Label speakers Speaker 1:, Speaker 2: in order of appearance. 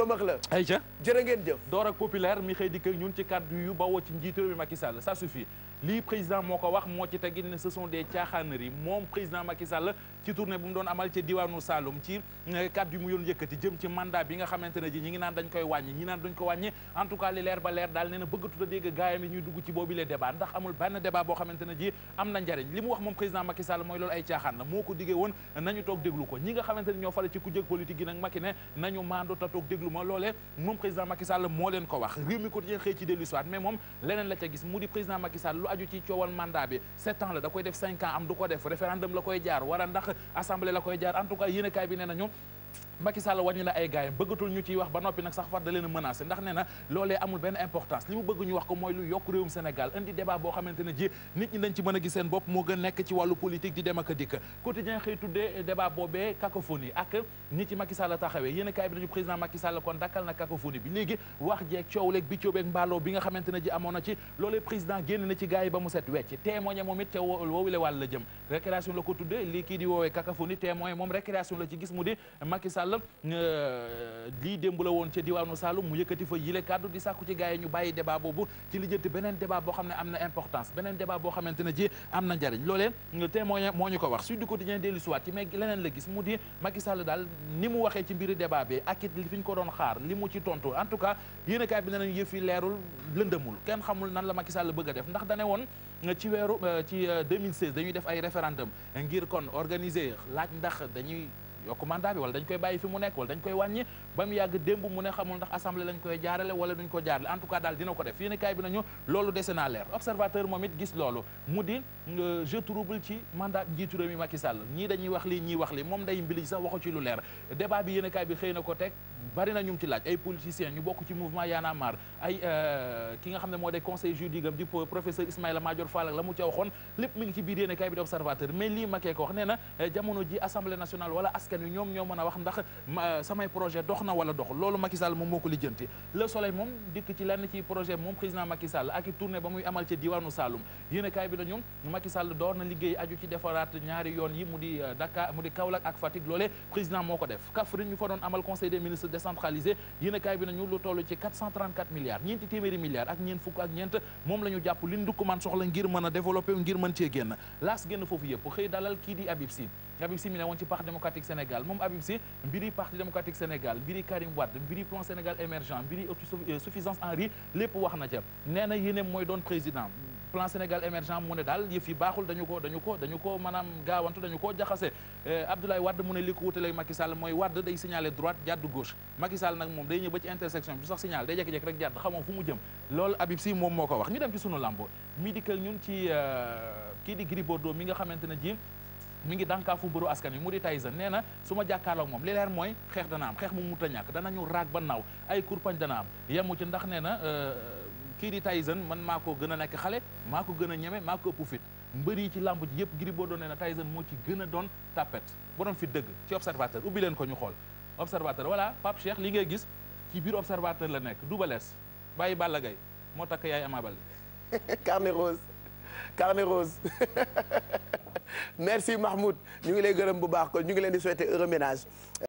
Speaker 1: pëmax la ayca jërë ngeen jëf door ak populaire mi xëy dikk ak ñun ci kàddu yu bawoo ci njiitu réew mi Macky ci tegit ne mu doon amal ca diwaanu Saloum ci euh, kàddu yi mu yëkkati jëm ci mandat bi nga xamante ji ñi ngi naan dañ li mu wax moom président Macky Sall mooy loolu ay caaxaan la moo ko diggee woon nañu toog déglu ko ñi nga xamante ñoo fale ci ku jëg politique gi nag Macky ne nañu maando ta toog déglu ma loolee moom président Macky moo leen ko wax réew mi quotidien xëy ci dellu soit mais moom leneen la ca gis mu di président Macky Sall lu aju ci coowal mandat bi sept da koy def cinq ans am du ko def référendum la koy jaar wala ndax assemblée la koy jaar en tout cas yéen a kaay bi nee nañu Macky Sall wàññi na ay gaayam bëggatul ñu ciy wax ba noppi nag sax far da a menacé ndax nee na amul benn importance li mu bëgg ñu wax ko mooy lu yokk réewum Sénégal indi débat boo ji nit ñi dañ ci mën a gis seen bopp moo gën nekk ci wàllu politique di dem ak a dikk quotidien xëy tuddee débat boobee cacophonie ak ñi ci Macky Sall taxawee yéen a bi nañu président Macky Sall kon dakkal na cacophonie bi léegi wax jeeg coow leeg bi coow beeg ne ji amoon na ci loolee président génn na ci kii di woowee cacophonie témoin moom récréation la ci Sall euh, lii démb la woon ca diwaanu Saloum mu yëkkati fa yile kàddu di sàkku ci gars yi ñu bàyyi débat boobu ci lijjanti beneen débat boo xam ne am na importance beneen débat boo xamante ne ji am na njariñ loolee témoin moo ñu ko wax Sud du Quotidien dellu siwaat ci mais leneen la gis mu di Macky Sall daal ni mu waxee ci mbiri débat bi ak it fi ñu ko doon xaar li mu ci tontu en tout cas yéen a kaay bi ne nañu leerul lëndëmul kenn xamul nan la Macky Sall bëgg a def ndax dane woon euh, ci weeru euh, ci 2016 dañuy def ay référendum ngir kon organiser laaj ndax dañuy yokk mandat bi wala dañ koy bàyyi fi mu nekk wala dañ koy wàññi ba mu yàgg démb mu ne xamul ndax assemblée lañ koy jaarale wala duñ ko jaarale en tout cas daal dina ko def yéen bi nañu loolu dese leer observateur moom it gis loolu mu di euh, jeu trouble ci mandat njiitu réew mi Macky Sall ñii dañuy wax lii ñii wax lii moom day mbilij sax waxu ci lu leer débat bi yéen bi xëy na ko teg bari na ci laaj ay politiciens ñu bokk ci mouvement Y askan wi ñoom ñoo mën a wax ndax samay projet dox na wala dox loolu Macky moom moo ko lijjanti le soleil moom dikk ci lenn ci projet moom président ak i ba muy amal ci diwaanu Saloum yéen bi na ñoom Macky door na liggéey aju ci defaraat ñaari yoon yi mu di euh, Dakar mu di Kaolack ak Fatick loolee président moo ko def Kaffrine ñu fa doon amal conseil des ministres décentralisé yéen kaay bi nañu lu toll ci milliards ñeenti téeméeri Sénégal moom Habib Sy mbiri parti démocratique Sénégal mbiri Karim Wade mbiri plan Sénégal émergent mbiri autosuffisance euh, en riz lépp wax na ca nee na mooy doon président plan Sénégal émergent mu ne daal yëf yi baaxul dañu ko dañu ko dañu gaawantu dañu ko jaxase euh, Abdoulaye Wade mu ne li ko wutale Macky mooy Wade day signalé droite jàdd gauche Macky nag moom day ñëw ci intersection bi sax signal day jékki-jékki rek jàdd fu mu jëm loolu Habib mi ngi dànkaafu bëru askan wi mu di Tyson nee na su ma jàkkaarloog moom li leer mooy xeex dana am xeex mu muta ñàkk danañu raag ba naaw ay kurpañ dana am yemu ci ndax nee na euh, kii di Tyson man maa ko gën a nekk xale maa ko gën a ñeme maa ko ëpp fit mbër yi ci làmp ji yëpp Gris boo nee na Tyson moo ci gën a doon tapet borom fit dëgg ci observateur ubbi leen ko ñu xool observateur voilà Pape Cheikh li ngay gis ci biir observateur la nekk dubalees bàyyi Balla Gaye moo takk yaay merci Mahmoud ñu ngi lay gërëm bu baax kon ñu ngi leen di souhaiter heureux